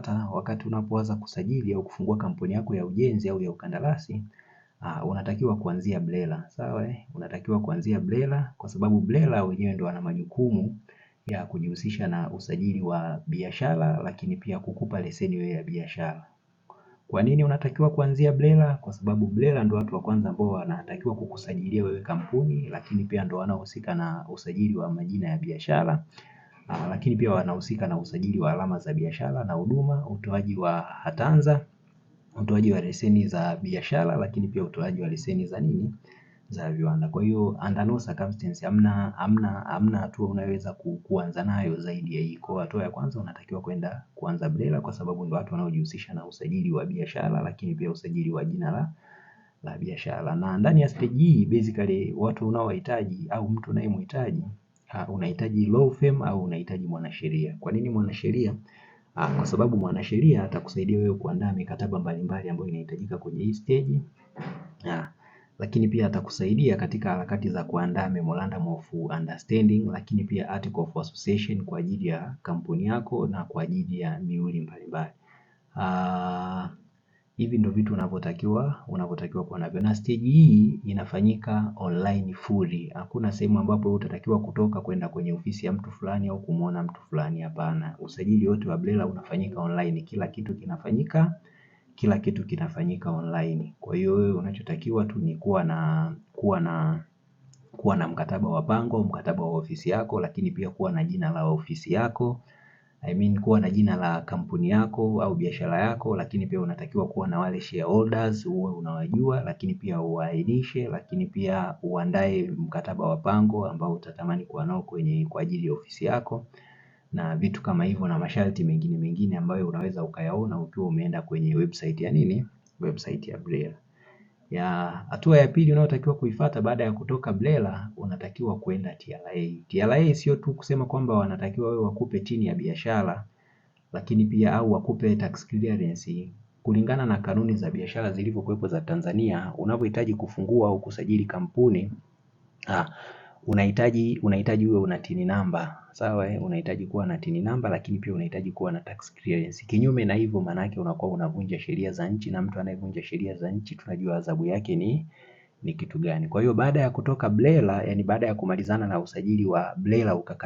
kinachofuata wakati unapoanza kusajili au kufungua kampuni yako ya ujenzi au ya ukandarasi Uh, unatakiwa kuanzia BRELA sawa, eh? unatakiwa kuanzia BRELA kwa sababu BRELA wenyewe ndio wana majukumu ya kujihusisha na usajili wa biashara, lakini pia kukupa leseni wewe ya biashara. Kwa nini unatakiwa kuanzia BRELA? Kwa sababu BRELA ndio watu wa kwanza ambao wanatakiwa kukusajilia wewe kampuni, lakini pia ndio wanaohusika na usajili wa majina ya biashara Ah, lakini pia wanahusika na usajili wa alama za biashara na huduma, utoaji wa hatanza, utoaji wa leseni za biashara, lakini pia utoaji wa leseni za nini za viwanda. Kwa hiyo under no circumstances hamna hamna hamna hatua unaweza kuanza nayo zaidi ya hii. Kwa hatua ya kwanza unatakiwa kwenda kuanza BRELA kwa sababu ndio watu wanaojihusisha na usajili wa biashara, lakini pia usajili wa jina la la biashara. Na ndani ya stage hii basically watu unaowahitaji au mtu unayemhitaji uh, unahitaji law firm au unahitaji mwanasheria. Kwa nini mwanasheria? Uh, kwa sababu mwanasheria atakusaidia wewe kuandaa mikataba mbalimbali ambayo inahitajika kwenye hii stage. Uh, lakini pia atakusaidia katika harakati za kuandaa memorandum of understanding, lakini pia article of association kwa ajili ya kampuni yako na kwa ajili ya miuli mbalimbali. Uh, Hivi ndo vitu unavyotakiwa unavyotakiwa kuwa navyo, na stage hii inafanyika online fully. Hakuna sehemu ambapo utatakiwa kutoka kwenda kwenye ofisi ya mtu fulani au kumwona mtu fulani, hapana. Usajili wote wa BRELA unafanyika online, kila kitu kinafanyika kila kitu kinafanyika online. Kwa hiyo wewe unachotakiwa tu ni kuwa na kuwa na kuwa na mkataba wa pango, mkataba wa ofisi yako, lakini pia kuwa na jina la ofisi yako I mean kuwa na jina la kampuni yako au biashara yako, lakini pia unatakiwa kuwa na wale shareholders uwe unawajua, lakini pia uainishe lakini pia uandae mkataba wa pango ambao utatamani kuwa nao kwenye kwa ajili ya ofisi yako na vitu kama hivyo na masharti mengine mengine ambayo unaweza ukayaona ukiwa umeenda kwenye website ya nini? Website ya Braille ya hatua ya pili unayotakiwa kuifata baada ya kutoka BRELA unatakiwa kwenda TRA. TRA sio tu kusema kwamba wanatakiwa wewe wakupe chini ya biashara, lakini pia au wakupe tax clearance kulingana na kanuni za biashara zilivyokuwepo za Tanzania. unavyohitaji kufungua au kusajili kampuni ha, ah, unahitaji unahitaji uwe una tini namba sawa, eh, unahitaji kuwa na tini namba, lakini pia unahitaji kuwa na tax clearance. Kinyume na hivyo, maanake unakuwa unavunja sheria za nchi, na mtu anayevunja sheria za nchi tunajua adhabu yake ni ni kitu gani. Kwa hiyo baada ya kutoka blela yani baada ya kumalizana na usajili wa blela ukaka